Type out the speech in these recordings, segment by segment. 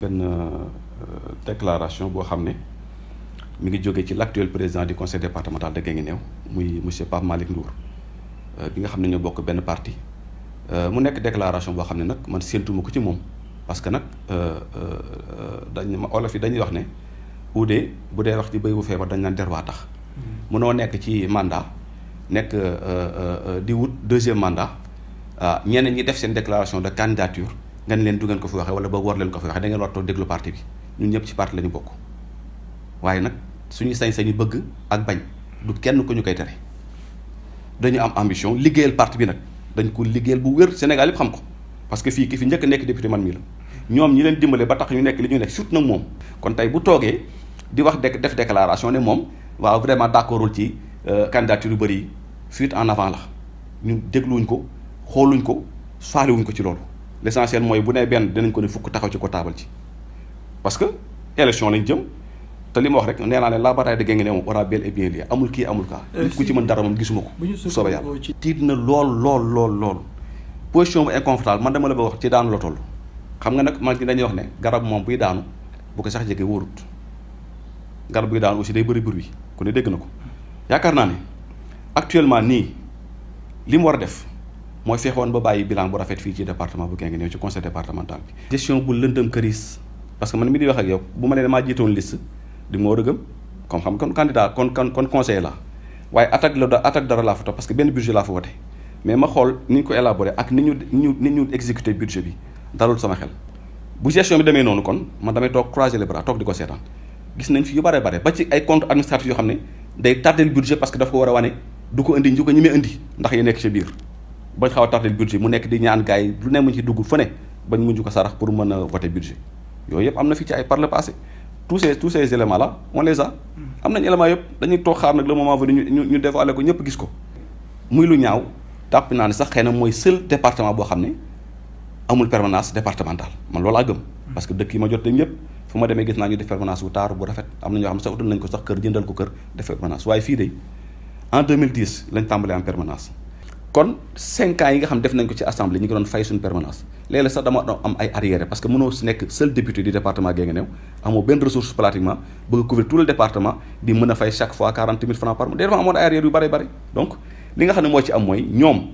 benn euh, déclaration boo xam ne mu ngi jóge ci l' actuel président du conseil départemental ngi Guinguinéo muy monsieur Pape Malick Ndour euh, bi nga xam ne ñoo bokk benn parti euh, mu nekk déclaration boo xam ne nag man séentuma ko ci moom parce que nag dañ ma olof yi dañuy wax ne uudee bu dee wax ci béy bu feebar dañ naan derwaa tax mm-hmm. mënoo nekk ci mandat nekk di wut deuxième mandat ah ñeneen ñi def seen déclaration de candidature nga ne leen du ngeen ko fi waxee wala boog war leen ko fi waxee da ngeen war toog déglu parti bi ñun ñëpp ci parti la bokk waaye nag suñu sañ-sañu bëgg ak bañ du kenn ku ñu koy tere dañu am ambition liggéeyal parti bi nag dañ ko liggéeyal bu wér Sénégal yëpp xam ko parce que fii ki fi njëkk nekk député man mii la ñoom ñi leen dimbale ba tax ñu nekk li ñu nekk surtout nag moom kon tey bu toogee di wax dek def déclaration ne moom waaw vraiment d'accordul ci euh, candidature yu bëri fuite en avant la ñun dégluwuñ ko xooluñ ko faaliwuñ ko ci loolu l' essentiel mooy bu nee benn dinañ ko ne fukk taxaw ci ko taabal ci parce que élection lañ jëm te li ma wax rek nee naa leen la bataille de Guinguinéo aura bel et bien lieu amul kii amul kaa nit ku ci mën dara moom gisuma ko soobee yàlla tiit na lool lool lool lool position bu inconfortable man dama la bëgg wax ci daanu la toll xam nga nag man dañuy wax ne garab moom buy daanu bu ko sax jege wóorut garab buy daanu aussi day bëri bruit ku ne dégg na ko yaakaar naa ne actuellement nii li mu war a def mooy fexewoon ba bàyyi bilan bu rafet fii ci département bu Guinguinéo ci conseil départemental bi. gestion bu lëndëm këris parce que man mi di wax ak yow bu ma nee damaa jiitoon liste di ma war a gëm comme xam kon kon kon kon conseiller la waaye attaque dara laa fa topp parce que benn budget laa fa wote mais ma xool ni ñu ko élaboré ak ni ñu ni ñu exécuté budget bi dalul sama xel. bu gestion bi demee noonu kon man damay toog croiser les bras toog di ko seetaan gis nañ fi yu bare bare ba ci a wane du ko ndax yi nekk ci bañ xaw a tartel budget mu nekk di ñaan gars yi lu ne mu ci dugg fëne bañ mujj ko sarax pour mën a voter budget yooyu yëpp am na fi ci ay par le passé tous ces tous ces éléments là on les a hmm. am nañ éléments yëpp dañuy toog xaar nag le moment venu ñu ñu ko ñëpp gis ko muy lu ñaaw tàpp naa ne sax xëy na mooy seul département boo xam ne amul permanence départementale man loolu laa hmm. parce que dëkk yi ma jot dañ yëpp fu ma demee gis naa ñu def permanence bu taaru bu rafet am na ñoo xam ne sax utal nañ ko sax kër jëndal ko kër def permanence waaye fii de en 2010 kon cinq ans yi nga xam def nañ ko ci assemblée ñu ngi doon fay suñu permanence léeg sax dama am ay arrière parce que mënoo si nekk seul député du département Guinguinéo amoo benn ressource pratiquement bëgg a couvrir tout le département di a fay chaque fois moo ci am mooy ñoom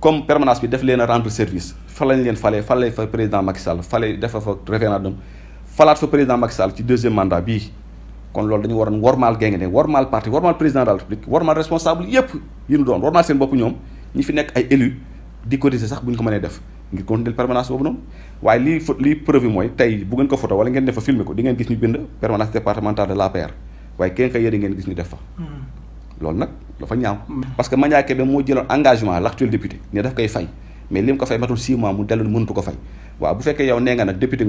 comme permanence bi def leen a rendre service fa lañ leen falee falee fa président Macky Sall falee defa fa référendum falaat fa président Macky Sall ci deuxième mandat bii kon loolu dañu waroon wormaal Guinguinéo wormaal parti wormaal président de la ñi fi nekk ay élus di cotiser sax bu ñu ko mënee def ngir continuer permanence boobu noonu waaye lii lii preuve mooy tey bu ngeen ko photo wala ngeen def fa filmer ko di ngeen gis ñu bind permanence départementale de l'APR waaye kenn ka yéen ngeen gis ñu def fa. Hmm. loolu nag dafa ñaaw. Hmm. parce que Mandiaye moo jëloon engagement l'actuel député ne daf koy fay mais lim ko fay matul 6 mois mu dellu mënatu ko fay waaw bu fekkee yow nee nga nag député